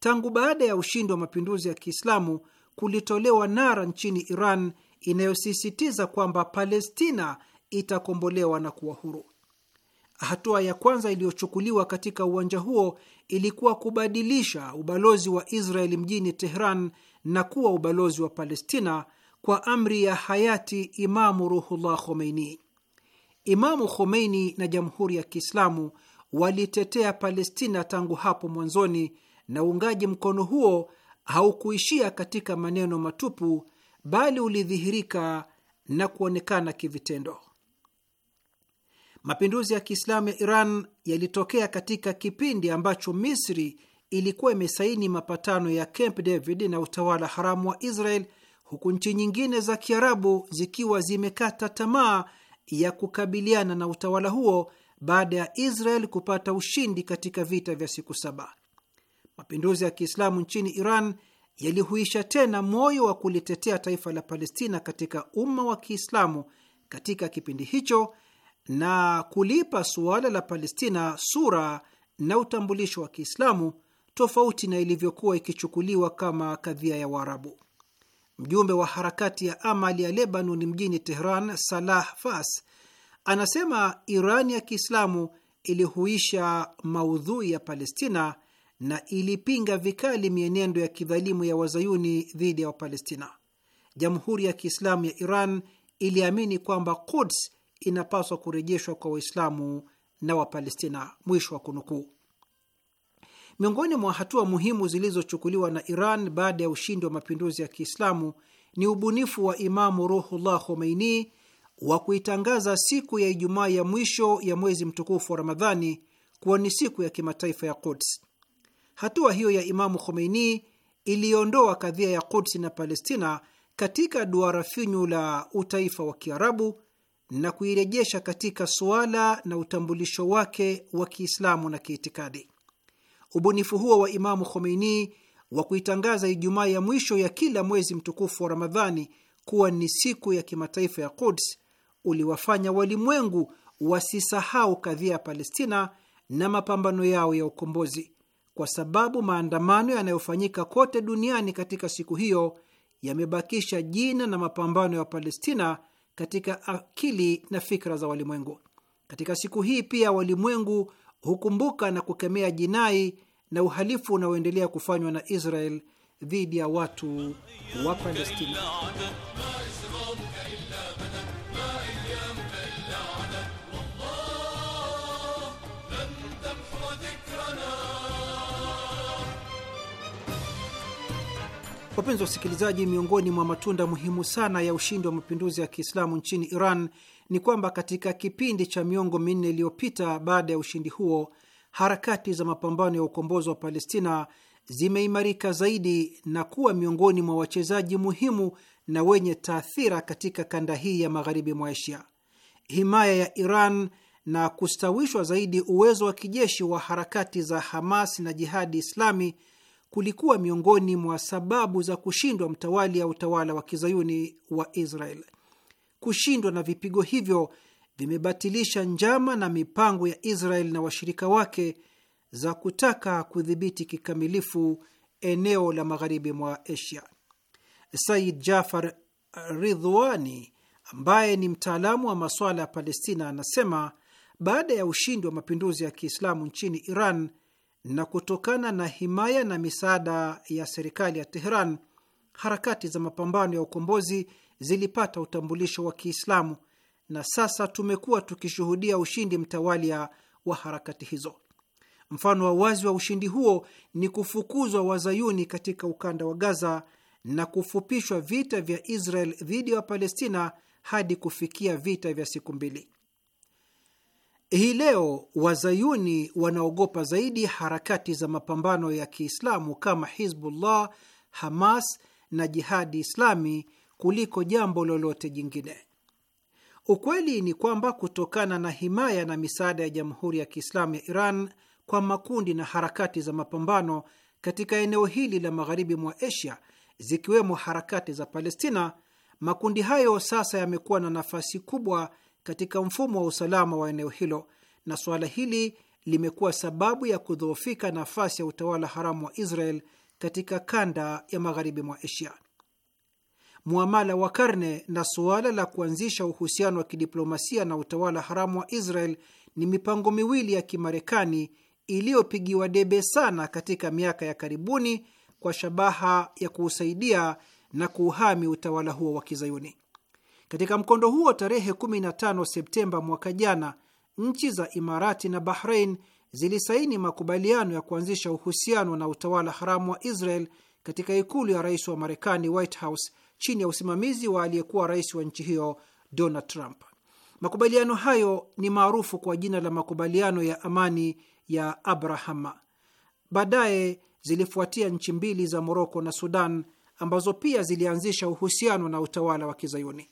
tangu baada ya ushindi wa mapinduzi ya Kiislamu kulitolewa nara nchini Iran inayosisitiza kwamba Palestina itakombolewa na kuwa huru. Hatua ya kwanza iliyochukuliwa katika uwanja huo ilikuwa kubadilisha ubalozi wa Israeli mjini Tehran na kuwa ubalozi wa Palestina kwa amri ya hayati Imamu Ruhullah Khomeini. Imamu Khomeini na Jamhuri ya Kiislamu walitetea Palestina tangu hapo mwanzoni, na uungaji mkono huo haukuishia katika maneno matupu, bali ulidhihirika na kuonekana kivitendo. Mapinduzi ya Kiislamu ya Iran yalitokea katika kipindi ambacho Misri ilikuwa imesaini mapatano ya Camp David na utawala haramu wa Israel, huku nchi nyingine za Kiarabu zikiwa zimekata tamaa ya kukabiliana na utawala huo baada ya Israel kupata ushindi katika vita vya siku saba. Mapinduzi ya Kiislamu nchini Iran yalihuisha tena moyo wa kulitetea taifa la Palestina katika umma wa Kiislamu katika kipindi hicho na kulipa suala la Palestina sura na utambulisho wa Kiislamu tofauti na ilivyokuwa ikichukuliwa kama kadhia ya Waarabu. Mjumbe wa harakati ya Amali ya Lebanon mjini Tehran, Salah Fas, anasema Iran ya Kiislamu ilihuisha maudhui ya Palestina na ilipinga vikali mienendo ya kidhalimu ya wazayuni dhidi ya Wapalestina. Jamhuri ya Kiislamu ya Iran iliamini kwamba Quds inapaswa kurejeshwa kwa Waislamu na Wapalestina. Mwisho wa kunukuu. Miongoni mwa hatua muhimu zilizochukuliwa na Iran baada ya ushindi wa mapinduzi ya Kiislamu ni ubunifu wa Imamu Ruhullah Khomeini wa kuitangaza siku ya Ijumaa ya mwisho ya mwezi mtukufu wa Ramadhani kuwa ni siku ya kimataifa ya Quds. Hatua hiyo ya Imamu Khomeini iliondoa kadhia ya Kudsi na Palestina katika duara finyu la utaifa wa Kiarabu na kuirejesha katika suala na utambulisho wake wa Kiislamu na kiitikadi. Ubunifu huo wa Imamu Khomeini wa kuitangaza Ijumaa ya mwisho ya kila mwezi mtukufu wa Ramadhani kuwa ni siku ya kimataifa ya Quds uliwafanya walimwengu wasisahau kadhia ya Palestina na mapambano yao ya ukombozi kwa sababu maandamano yanayofanyika kote duniani katika siku hiyo yamebakisha jina na mapambano ya Palestina katika akili na fikra za walimwengu. Katika siku hii pia walimwengu hukumbuka na kukemea jinai na uhalifu unaoendelea kufanywa na Israel dhidi ya watu wa Palestina. Wapenzi wasikilizaji, miongoni mwa matunda muhimu sana ya ushindi wa mapinduzi ya Kiislamu nchini Iran ni kwamba katika kipindi cha miongo minne iliyopita baada ya ushindi huo, harakati za mapambano ya ukombozi wa Palestina zimeimarika zaidi na kuwa miongoni mwa wachezaji muhimu na wenye taathira katika kanda hii ya magharibi mwa Asia. Himaya ya Iran na kustawishwa zaidi uwezo wa kijeshi wa harakati za Hamas na Jihadi Islami kulikuwa miongoni mwa sababu za kushindwa mtawali ya utawala wa kizayuni wa Israel. Kushindwa na vipigo hivyo vimebatilisha njama na mipango ya Israel na washirika wake za kutaka kudhibiti kikamilifu eneo la magharibi mwa Asia. Said Jafar Ridhwani ambaye ni mtaalamu wa masuala ya Palestina anasema baada ya ushindi wa mapinduzi ya Kiislamu nchini Iran, na kutokana na himaya na misaada ya serikali ya Teheran, harakati za mapambano ya ukombozi zilipata utambulisho wa Kiislamu, na sasa tumekuwa tukishuhudia ushindi mtawalia wa harakati hizo. Mfano wa wazi wa ushindi huo ni kufukuzwa wazayuni katika ukanda wa Gaza na kufupishwa vita vya Israel dhidi ya Palestina hadi kufikia vita vya siku mbili. Hii leo wazayuni wanaogopa zaidi harakati za mapambano ya Kiislamu kama Hizbullah, Hamas na Jihadi Islami kuliko jambo lolote jingine. Ukweli ni kwamba kutokana na himaya na misaada ya Jamhuri ya Kiislamu ya Iran kwa makundi na harakati za mapambano katika eneo hili la magharibi mwa Asia, zikiwemo harakati za Palestina, makundi hayo sasa yamekuwa na nafasi kubwa katika mfumo wa usalama wa eneo hilo, na suala hili limekuwa sababu ya kudhoofika nafasi ya utawala haramu wa Israel katika kanda ya magharibi mwa Asia. Muamala wa karne na suala la kuanzisha uhusiano wa kidiplomasia na utawala haramu wa Israel ni mipango miwili ya Kimarekani iliyopigiwa debe sana katika miaka ya karibuni kwa shabaha ya kuusaidia na kuuhami utawala huo wa Kizayuni. Katika mkondo huo, tarehe 15 Septemba mwaka jana, nchi za Imarati na Bahrain zilisaini makubaliano ya kuanzisha uhusiano na utawala haramu wa Israel katika ikulu ya rais wa Marekani, White House, chini ya usimamizi wa aliyekuwa rais wa nchi hiyo Donald Trump. Makubaliano hayo ni maarufu kwa jina la makubaliano ya amani ya Abrahama. Baadaye zilifuatia nchi mbili za Moroko na Sudan ambazo pia zilianzisha uhusiano na utawala wa Kizayuni.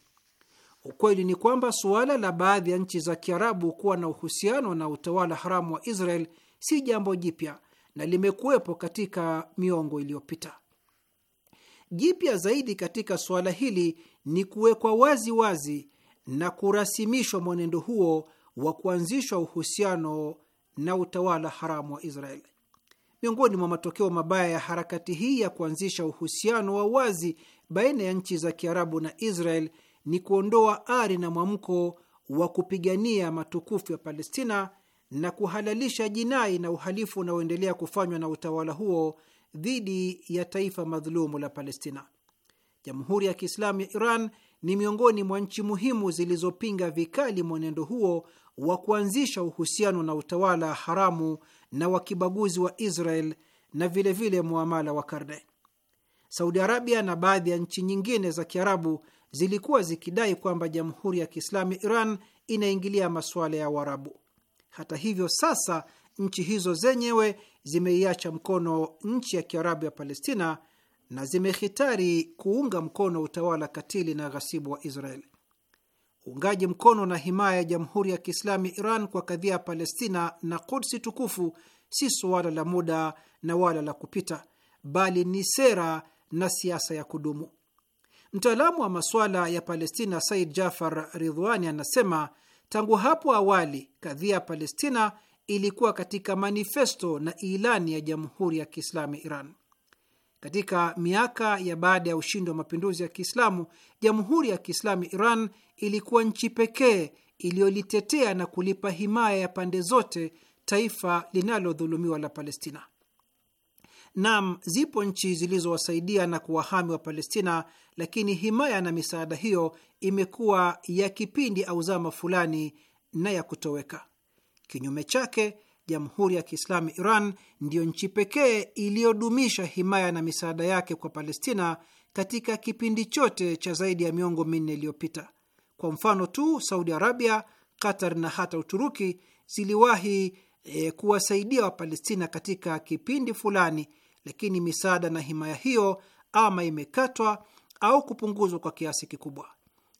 Ukweli ni kwamba suala la baadhi ya nchi za Kiarabu kuwa na uhusiano na utawala haramu wa Israel si jambo jipya na limekuwepo katika miongo iliyopita. Jipya zaidi katika suala hili ni kuwekwa wazi wazi na kurasimishwa mwenendo huo wa kuanzishwa uhusiano na utawala haramu wa Israel. Miongoni mwa matokeo mabaya ya harakati hii ya kuanzisha uhusiano wa wazi baina ya nchi za Kiarabu na Israel ni kuondoa ari na mwamko wa kupigania matukufu ya Palestina na kuhalalisha jinai na uhalifu unaoendelea kufanywa na utawala huo dhidi ya taifa madhulumu la Palestina. Jamhuri ya Kiislamu ya Iran ni miongoni mwa nchi muhimu zilizopinga vikali mwenendo huo wa kuanzisha uhusiano na utawala haramu na wakibaguzi wa Israel na vilevile muamala wa karne. Saudi Arabia na baadhi ya nchi nyingine za Kiarabu zilikuwa zikidai kwamba Jamhuri ya Kiislamu Iran inaingilia masuala ya Uarabu. Hata hivyo, sasa nchi hizo zenyewe zimeiacha mkono nchi ya Kiarabu ya Palestina na zimehitari kuunga mkono utawala katili na ghasibu wa Israeli. Uungaji mkono na himaya ya Jamhuri ya Kiislamu Iran kwa kadhia ya Palestina na Kudsi tukufu si suala la muda na wala la kupita, bali ni sera na siasa ya kudumu. Mtaalamu wa masuala ya Palestina Said Jafar Ridhwani anasema tangu hapo awali kadhia ya Palestina ilikuwa katika manifesto na ilani ya Jamhuri ya Kiislamu ya Iran. Katika miaka ya baada ya ushindi wa mapinduzi ya Kiislamu, Jamhuri ya Kiislamu ya Iran ilikuwa nchi pekee iliyolitetea na kulipa himaya ya pande zote taifa linalodhulumiwa la Palestina. Nam, zipo nchi zilizowasaidia na kuwahami wa Palestina, lakini himaya na misaada hiyo imekuwa ya kipindi au zama fulani na ya kutoweka. Kinyume chake, Jamhuri ya Kiislamu Iran ndiyo nchi pekee iliyodumisha himaya na misaada yake kwa Palestina katika kipindi chote cha zaidi ya miongo minne iliyopita. Kwa mfano tu, Saudi Arabia, Qatar na hata Uturuki ziliwahi e, kuwasaidia Wapalestina katika kipindi fulani, lakini misaada na himaya hiyo ama imekatwa au kupunguzwa kwa kiasi kikubwa.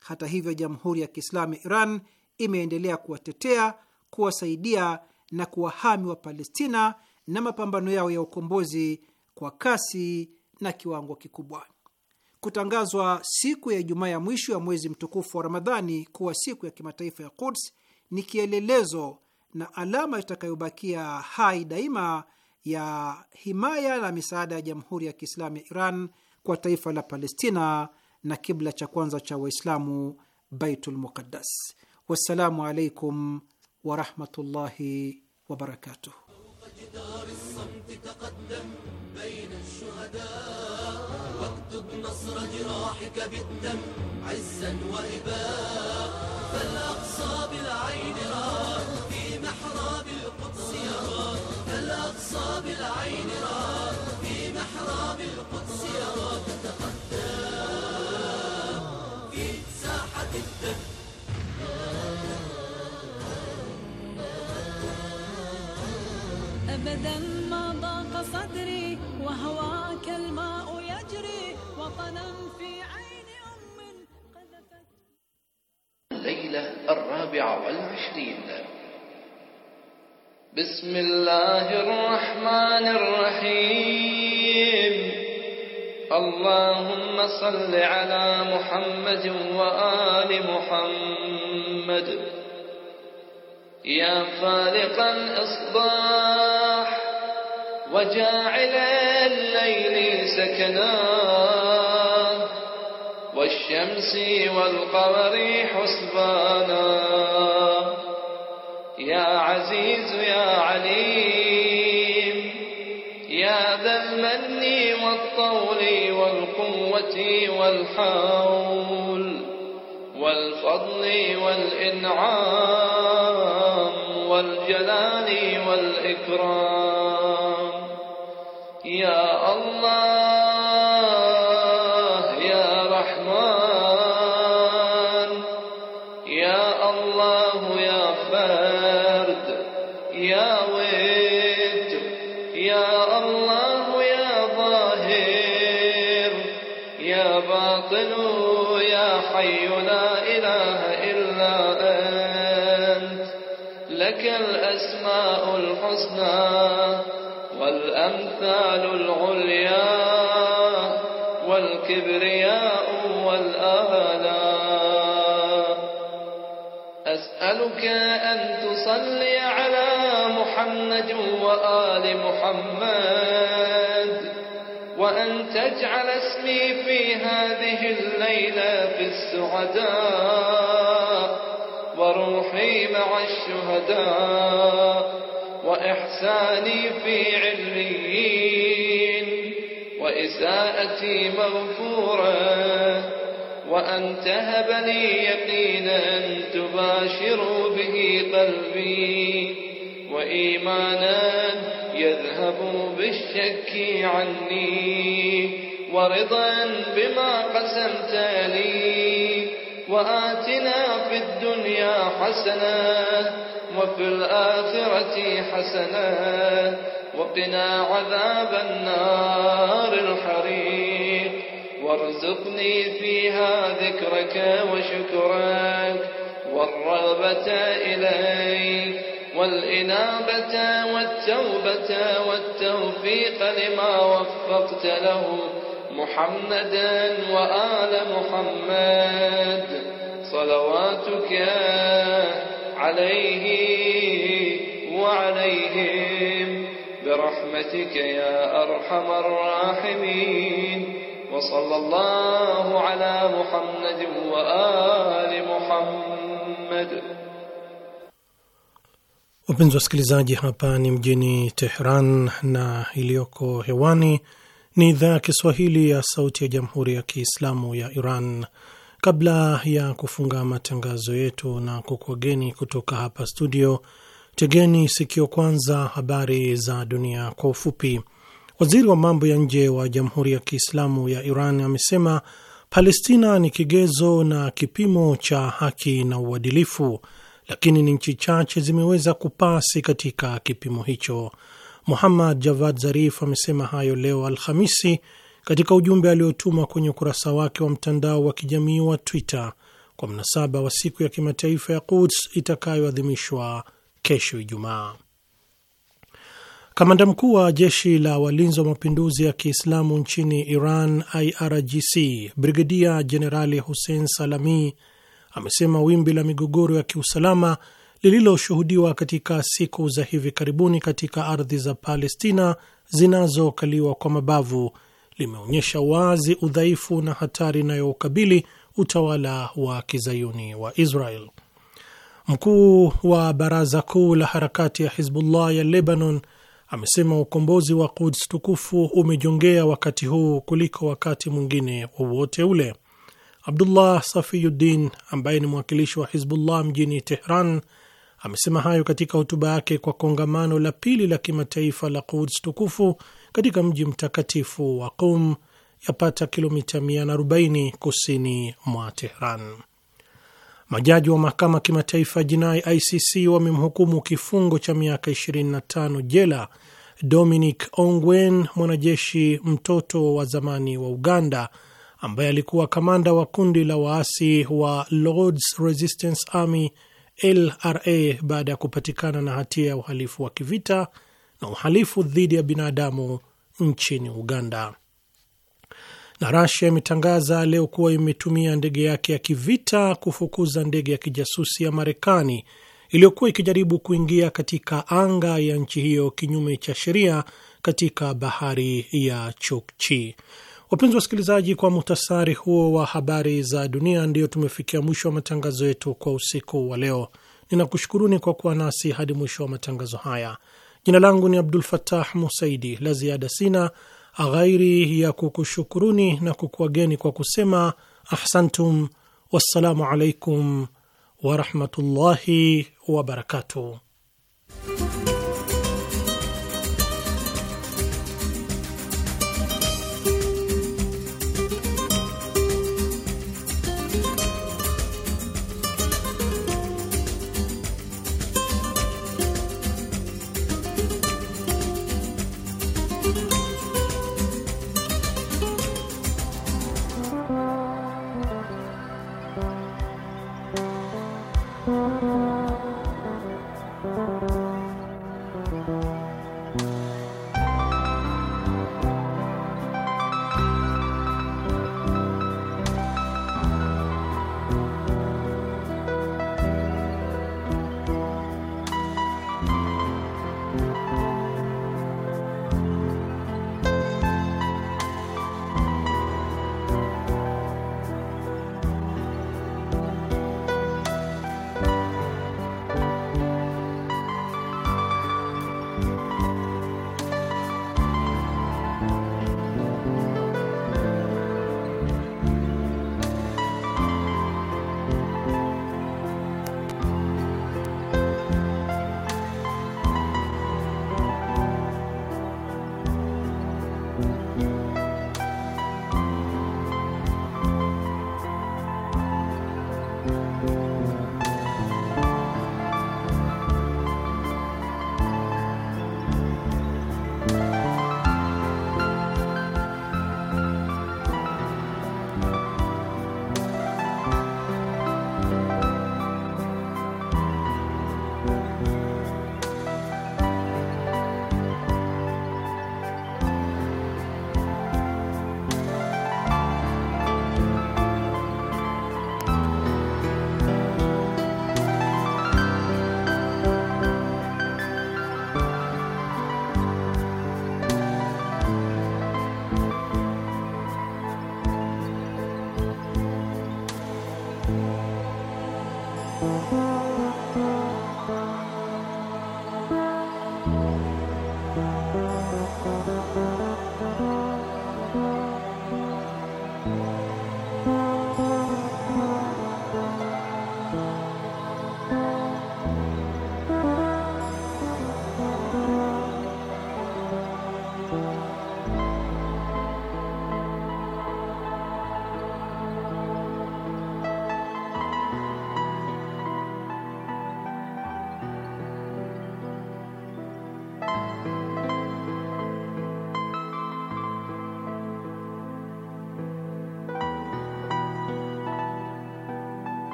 Hata hivyo, Jamhuri ya Kiislamu Iran imeendelea kuwatetea, kuwasaidia na kuwahami wa palestina na mapambano yao ya ukombozi kwa kasi na kiwango kikubwa. Kutangazwa siku ya Ijumaa ya mwisho ya mwezi mtukufu wa Ramadhani kuwa siku ya kimataifa ya Quds ni kielelezo na alama itakayobakia hai daima ya himaya na misaada ya Jamhuri ya Kiislamu ya Iran kwa taifa la Palestina na kibla cha kwanza cha Waislamu, Baitul Muqaddas. Wassalamu alaikum warahmatullahi wabarakatuh. وصنم في عين أم قذفت الليلة الرابعة والعشرين بسم الله الرحمن الرحيم اللهم صل على محمد وآل محمد يا فارق الإصباح وجاعل الليل سكناً والشمس والقمر حسبانا يا عزيز يا عليم يا ذا المن والطول والقوة والحول والفضل والإنعام والجلال والإكرام يا الله الحسنى والأمثال العليا والكبرياء والآلاء أسألك أن تصلي على محمد وآل محمد وأن تجعل اسمي في هذه الليلة في السعداء وروحي مع الشهداء وإحساني في عليين وإساءتي مغفورا وأن تهب لي يقينا تباشر به قلبي وإيمانا يذهب بالشك عني ورضا بما قسمت لي وآتنا في الدنيا حسنة وفي الآخرة حسنة وقنا عذاب النار الحريق وارزقني فيها ذكرك وشكرك والرغبة إليك والإنابة والتوبة والتوفيق لما وفقت له محمدا وآل محمد صلواتك عليه وعليهم برحمتك يا أرحم الراحمين وصلى الله على محمد وآل محمد Wapenzi wasikilizaji, hapa ni mjini Tehran na iliyoko hewani ni idhaa ya Kiswahili ya Sauti ya Jamhuri ya Kiislamu ya Iran. Kabla ya kufunga matangazo yetu na kukwageni kutoka hapa studio, tegeni sikio kwanza habari za dunia kwa ufupi. Waziri wa mambo ya nje wa Jamhuri ya Kiislamu ya Iran amesema Palestina ni kigezo na kipimo cha haki na uadilifu, lakini ni nchi chache zimeweza kupasi katika kipimo hicho. Muhammad Javad Zarif amesema hayo leo Alhamisi katika ujumbe aliotuma kwenye ukurasa wake wa mtandao wa kijamii wa Twitter kwa mnasaba wa siku ya kimataifa ya Quds itakayoadhimishwa kesho Ijumaa. Kamanda mkuu wa jeshi la walinzi wa mapinduzi ya Kiislamu nchini Iran, IRGC, Brigedia Jenerali Hussein Salami amesema wimbi la migogoro ya kiusalama lililoshuhudiwa katika siku za hivi karibuni katika ardhi za Palestina zinazokaliwa kwa mabavu limeonyesha wazi udhaifu na hatari inayoukabili utawala wa kizayuni wa Israel. Mkuu wa baraza kuu la harakati ya Hizbullah ya Lebanon amesema ukombozi wa Quds tukufu umejongea wakati huu kuliko wakati mwingine wowote ule. Abdullah Safiyuddin ambaye ni mwakilishi wa Hizbullah mjini Tehran Amesema hayo katika hotuba yake kwa kongamano la pili la kimataifa la Quds tukufu katika mji mtakatifu wa Qum, yapata kilomita 140 kusini mwa Tehran. Majaji wa mahakama kimataifa jinai ICC wamemhukumu kifungo cha miaka 25 jela Dominic Ongwen, mwanajeshi mtoto wa zamani wa Uganda ambaye alikuwa kamanda wa kundi la waasi wa Lords Resistance Army LRA baada ya kupatikana na hatia ya uhalifu wa kivita na uhalifu dhidi ya binadamu nchini Uganda. Na Rasia imetangaza leo kuwa imetumia ndege yake ya kivita kufukuza ndege ya kijasusi ya Marekani iliyokuwa ikijaribu kuingia katika anga ya nchi hiyo kinyume cha sheria katika bahari ya Chukchi. Wapenzi wasikilizaji, kwa muhtasari huo wa habari za dunia, ndiyo tumefikia mwisho wa matangazo yetu kwa usiku wa leo. Ninakushukuruni kwa kuwa nasi hadi mwisho wa matangazo haya. Jina langu ni Abdul fatah Musaidi. La ziada sina ghairi ya kukushukuruni na kukuageni kwa kusema ahsantum, wassalamu alaikum warahmatullahi wabarakatuh.